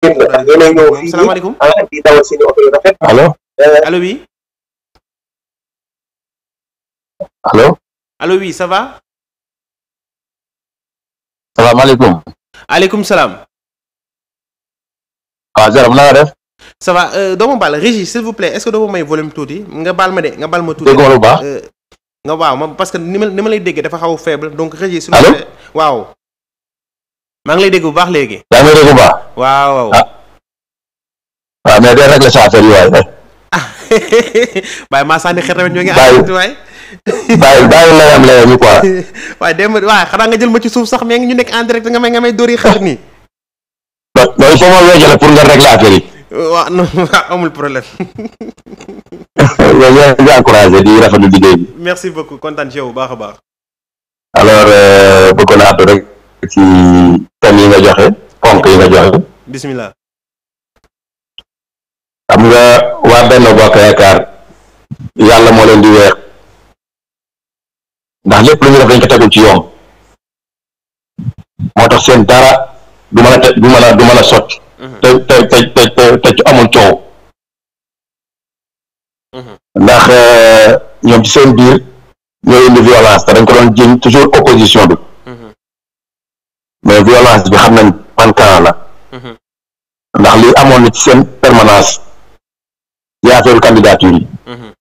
salaamaaleykum ah, allo. Eh. allo oui. allo. allo oui ça va. salaamaaleykum. salaam. waaw ah, Jaram na nga def. ça va euh, baal Régis s'il vous plaît est-ce may volume tuuti nga baal ma de nga baal ma tuuti. déggoo lu baax. Euh, nga waaw ma parce que ni ma ni ma lay dégg dafa xaw faible donc Régis. allo s'il vous plaît waaw. maa ngi lay dégg bu baax léegi. yaa dégg bu baax. waaw waaw. waaw ah. ah, mais day régler sa affaire yi waay waay. waaye maa sànni xel tamit ñu ngi. bàyyi bàyyi bàyyi layam layam yi quoi. waaye démb waaw xanaa nga jël ma ci suuf sax mais ñu nekk en direct nga may nga may dóor yi xar nii. non non il faut ma pour nga régler affaire yi. waaw amul problème. yow yaa ngi encouragé di rafetlu liggéey bi. merci beaucoup kontaan ci bu baax a baax. alors euh, bëggoon naa àddu ci thèmes yi nga joxe ponk yi nga joxe bismillah xam nga waa Benno Bokk Yaakaar yàlla moo leen di weex ndax lépp lu ñu def dañ ko tegul ci yoon moo tax seen dara du mën a te du mën a du mën a sotti mhm. te te te te te amul coow mhm. ndax euh, ñoom ci seen biir ñooy indi violence te dañ ko doon jéem toujours opposition bi bi xam nañ ban camp la mhm. ndax lii amoon na ci seen permanence di affaire candidature yi mhm.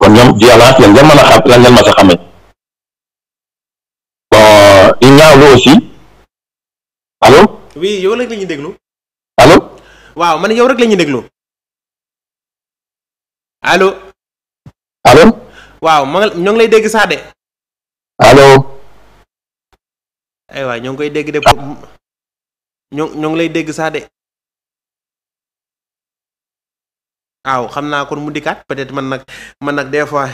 kon ñoom violence lañ leen mën a xam lañ leen ma a xamee bon di ñaawlu aussi allo. oui yow rek la ñuy déglu. allo. waaw man ma ñoo ngi lay dégg saa de. allo. ay waay ñoo ngi koy dégg de ñoo ñoo ngi lay dégg sax de waaw xam naa kon mu dikkaat peut-être man nag man nag des fois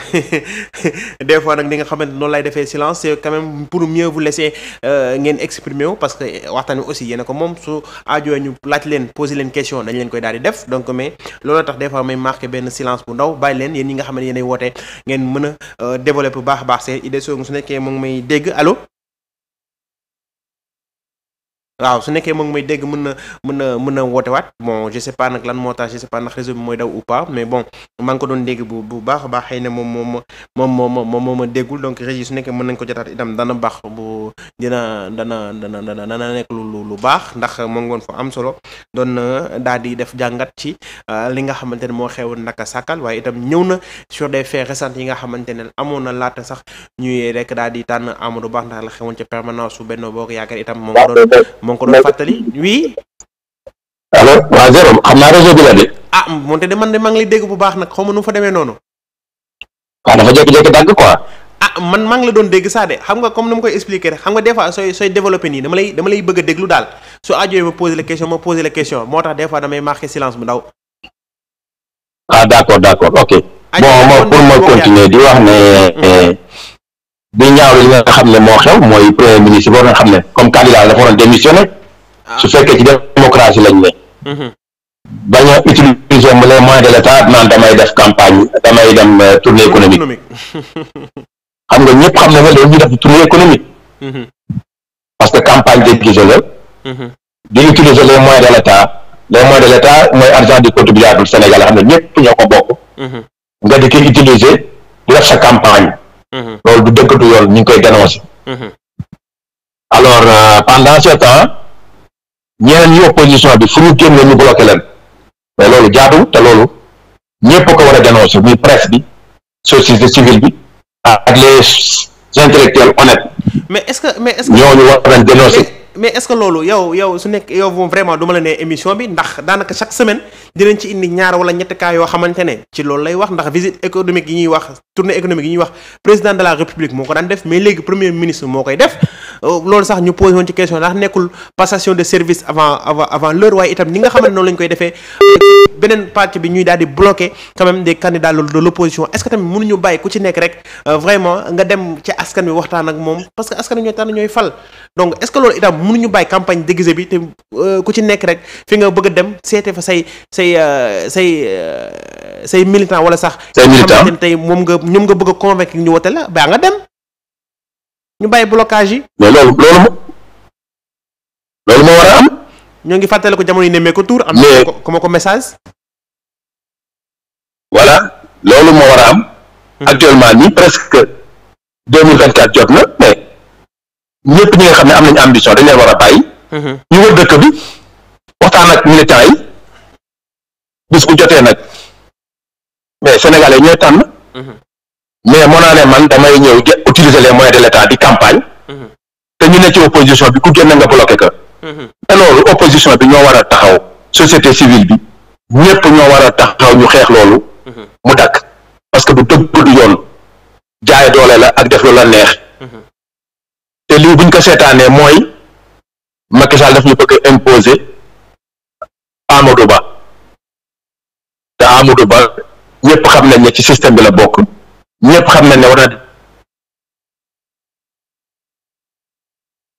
des fois nag li nga xamante noonu lay defee silence c'est quand même pour mieux vous laisser euh, ngeen exprimer wu parce waxtaan wi aussi yéen a ko moom su aajo ñu laaj leen poser leen question dañ leen koy daal di def donc mais loolu tax des fois may marqué benn silence bu ndaw bàyyi leen yéen ñi nga xam ne yéenay woote ngeen mën a euh, bu baax a baax seen idée soo su nekkee mu ngi may dégg alo waaw su nekkee moom mooy dégg mën na mën na mën na woote waat bon je sais nag lan moo tax je sais pas ndax réseau bi mooy daw ou pas mais bon maa ko doon dégg bu bu baax a baax na moom moom moom moom moom ma déggul donc réseau su nekkee mën nañ ko jotaat itam dana baax bu dina dana dana dana dana nekk lu lu baax ndax moom woon fa am solo doon daal di def jàngat ci euh, li nga xamante ne moo xewoon naka sàkkal waaye itam ñëw na sur de fee récents yi nga xamante ne amoon na laata sax ñuy rek daal di tànn u Ba ndax la xewoon ca permanence su Benno Bokk Yaakaar moo ngi ko doon fàttali oui. allo waaw Jérôme xam naa réseau bi la de. ah moonte de man de maa ngi dégg bu baax nag xaw ma nu mu fa demee noonu. waaw ah, dafa jékki-jékki dagg ko ah man maa ngi la doon dégg saa de xam nga comme ni mu koy expliquer rek xam nga des fois sooy sooy développé nii dama lay dama lay bëgg a déglu daal su aajo ma posé la question ma posé la question moo tax des fois damay marqué silence bu ndaw. ah d'accord d'accord ok. bon moom pour ma continuer di ñaawlu li nga xam ne moo xew mooy premier ministre war nga xam ne comme candidat dafa waroon démissionné ah. su fekkee ci démocratie lañ ne mm-hmm. bañ de l'état naan campagne damay dem euh, tournée économique xam nga ñëpp xam ne nga dañuy def tournée économique mm-hmm. parce que campagne de budget la di utiliser les moyens de l'état les moyens de l'état mooy argent du contribuable Sénégal xam ne ñëpp ñoo ko bokk mm-hmm. nga di ko utiliser di def sa campagne Mm-hmm. loolu du dëkkatu yoon ñu ngi koy dénoncé mm-hmm. alors euh, pendant ce temps ñeneen ñi opposition bi fu ñu génne ñu bloqué leen mais loolu jaadu te loolu ñëpp ko war a dénoncé muy presse bi si civile bi ak les intellectuels honnêtes mais est-ce que mais est-ce que ñooñu war nañ dénoncé mais est-ce que loolu yow yow su nekk yow moom vraiment duma la ne émission bi ndax daanaka chaque semaine dinañ ci indi ñaar wala ñetti cas yoo xamante ne ci loolu lay wax ndax visite économique yi ñuy wax tournée économique yi ñuy wax président de la république moo ko daan def mais léegi premier ministre moo koy def euh, loolu sax ñu posé woon ci question ndax nekkul passation de service avant avant avant waaye itam ni nga xamante noonu lañ koy defee beneen bi ñuy daal di bloqué quand même des candidats de l'opposition est-ce que tamit mënuñu bàyyi ku ci nekk rek euh, waxtaan ak moom parce que ñooy tànn donc est-ce que loolu itam ñu bàyyi campagne déguisée bi te euh, ku ci nekk rek fi nga bëgg a dem seete fa say say euh, say euh, say militant wala sax. say militant tey moom nga ñoom nga bëgg a convaincre ñu wote la baa nga dem ñu bàyyi blocage yi. mais loolu loolu moom loolu moo war a am. ñoo ngi fàttaliku jamono yi nemmee ko tour am na ko ma ko message. voilà loolu moo war a am. Mhm. actuellement nii presque deux mille vingt quatre jot na ñëpp ñi nga xam ne am nañu ambition dañ leen war a bàyyi. Mhm. ñu wër dëkk bi waxtaan ak militants yi bis bu jotee nag mais sénégalais ñooy tànn. Mhm. mais moo naa ne man damay ñëw utiliser les moyens de l'état di campagne. Mhm. te ñu ne ci opposition bi ku génn nga bloqué ko. te loolu opposition bi ñoo war a taxaw société civile bi ñëpp ñoo war a tax taxaw ñu xeex loolu. mu dakk parce que bu dëgg du yoon jaay doole la ak def lu la neex. te lii buñ ko seetaanee mooy Macky Sall daf ñu bëgg a imposer Amadou Ba te Amadou Ba ñëpp xam nañ ne ci système bi la bokk ñëpp xam nañ ne war na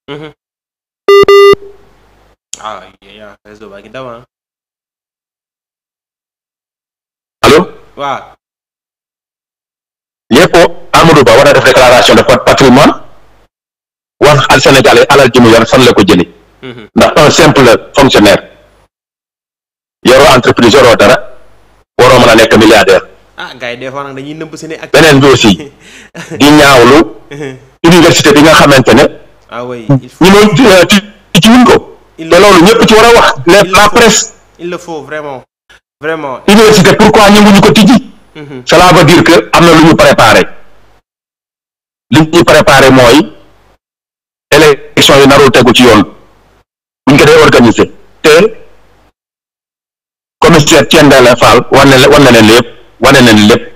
mhm. ah yaa réseau baa ngi daw ah. allo waaw yëpp def déclaration de patrimoine état sénégalais alal ji mu yor fan la ko jëlee. Mhm. ndax un simple fonctionnaire yoroo entreprise yoroo dara waroo mën a nekk milliardaire. ah des fois dañuy nëbb seen ak beneen bi aussi di ñaawlu. université bi nga xamante ne. ah oui il euh, ko. te loolu ñëpp ci war a wax. la presse. le faut vraiment. vraiment université pourquoi ñëwuñu ko tijji. Mhm. cela veut dire que am na lu ñu préparé. li ñu préparé mooy. élection yi narul tegu ci yoon buñ ko dee organiser te commissaire Thiendella Dalla Fall wane na wane na lépp wane na lépp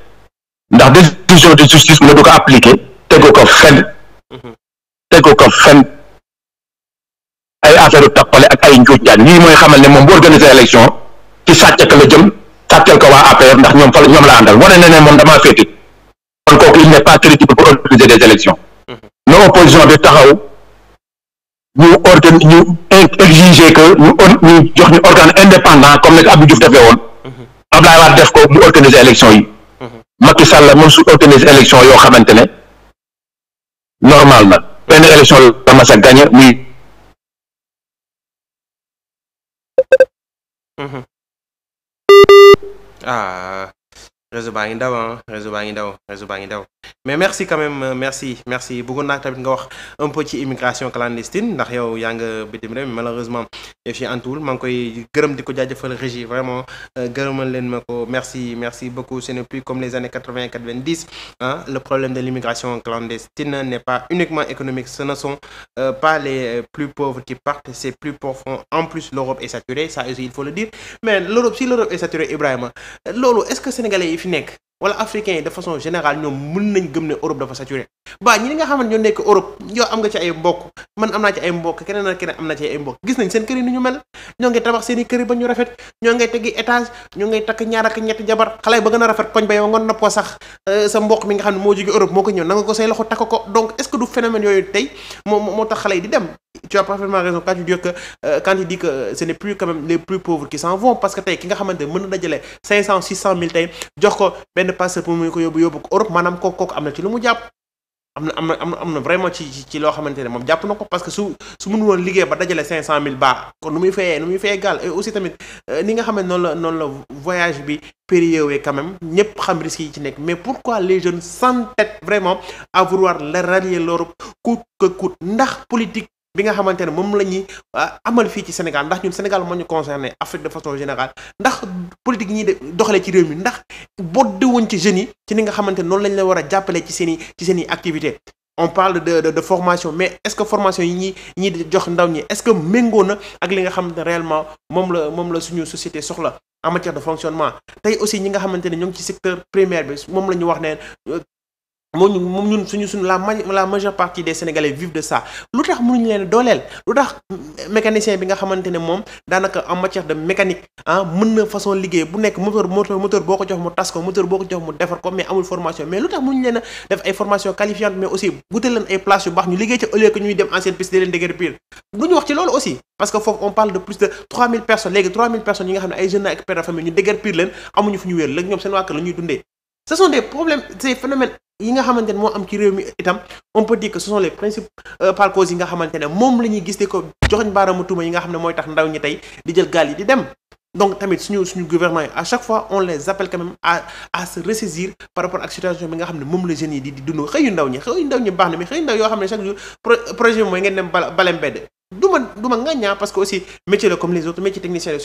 ndax décision de justice mu ne du ko appliquer tegu ko fen tegu ko fen ay affaire tappale ak ay njuuj njaaj lii mooy xamal ne moom bu organiser élection ci sàcc ka la jëm sàccal ko waa APR ndax ñoom fa ñoom la àndal wane na ne moom damaa féete kon kooku il n'est pas crédible pour organiser des élections mm-hmm. no opposition bi taxaw ñu organ ñu exiger que ñu jox ñu organe indépendant comme nag Abdou Diouf defee woon mm-hmm. Abdoulaye Wade def ko mu organiser élection yi mm-hmm. Macky Sall moom su organiser élection yoo xamante ne normal na benn élection la mas a gagné mm-hmm. ah, réseau baa ngi daw ah réseau baa ngi daw réseau baa ngi daw mais merci quand même euh, merci merci bëggoon naa tamit nga wax un peu ci immigration clandestine ndax yow yaa nga bitim réew malheureusement yëf yi antuwul maa ngi koy gërëm di ko jaajëfal régie vraiment euh, gërëmal leen ma ko merci merci beaucoup ce n'est plus comme les années quatre vingt et quatre vingt dix ah le problème de l'immigration clandestine n'est pas uniquement économique ce ne sont euh, pas les plus pauvres qui partent c'est plus profond en plus l'Europe est saturée ça aussi il faut le dire mais l'Europe si l'Europe est Ibrahima loolu est-ce que sénégalais yi fi nekk wala africains yi de façon générale ñoom mën nañ gëm ne Europe dafa saturé ba ñi nga xam ne ñoo nekk Europe yow am nga ci ay mbokk man am naa ci ay mbokk keneen ak gis nañ seen kër yi ñu mel ñoo ngay tabax seen i kër yi ba ñu rafet ñoo ngay teggi étage ñoo ngay takk ñaar ak ñetti jabar xale ba gën a rafet koñ ba yow nga nopp ko sax euh, sa mbokk mi nga xam ne moo jóge Europe moo ko ñëw nanga ko say loxo takk ko donc est que du phénomène yooyu tey moo moo tax xale tu as parfaitement raison quand tu que euh, quand plus quand qui s'en vont parce tey ki nga xamante mën na dajale cinq cent six cent mille tey jox ko benn passeur pour mu ko yóbbu yóbbu ko Europe maanaam kooku kooku am na ci lu mu jàpp am na am na am na vraiment ci loo xamante ne moom jàpp na ko parce que su su mënu woon liggéey ba dajale cinq cent mille baax kon nu muy fayee nu muy fayee gaal aussi tamit euh, ni nga xam ne la noonu la voyage bi périlleux bi nga xamante ne moom la ñuy euh, amal fii ci Sénégal ndax ñun Sénégal moo ñu concerné Afrique de façon générale ndax politique yi ñuy doxalee ci réew mi ndax boddi wuñ ci jeunes ci ni nga xamante ne noonu lañ la war a jàppalee ci seen i ci seen i activité on parle de de formation mais est-ce que formation yi ñi ñi jox ndaw ñi est-ce que na ak li nga xamante ne moom la moom la suñu société soxla en matière de fonctionnement tey aussi ñi nga xamante ne ñoo ngi ci secteur primaire bi moom ñun suñu suñu la la partie des sénégalais vivent de ça lu tax mënuñu leen dooleel lu tax mécanicien bi nga xamante ne moom daanaka en matière de mécanique ah na façon liggéey bu nekk moteur moteur boo ko jox mu tas ko boo ko jox mu defar ko mais amul formation mais lu tax mënuñu leen def ay formation qualifiante mais aussi wutal ay place yu baax ñu liggéey ci au lieu ñuy dem ancienne piste di leen déguerpir du ñu wax ci yi nga xamante ne moo am ci réew mi itam on peut dire que ce sont euh, yi nga xamante ne moom la gis di ko joxoñ baaraamu tuuma yi nga xam ne moom la jeunes yi di di dund xëyu ndaw ñi xëyu ndaw ñi baax na mais xëyu ndaw yoo xam ne chaque jour projet mooy ngeen dem bale mbedd du ma du parce que aussi métier la comme les autres métier technicien la